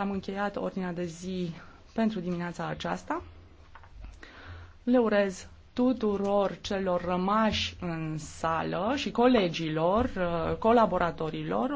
am încheiat ordinea de zi pentru dimineața aceasta. Le urez tuturor celor rămași în sală și colegilor, uh, colaboratorilor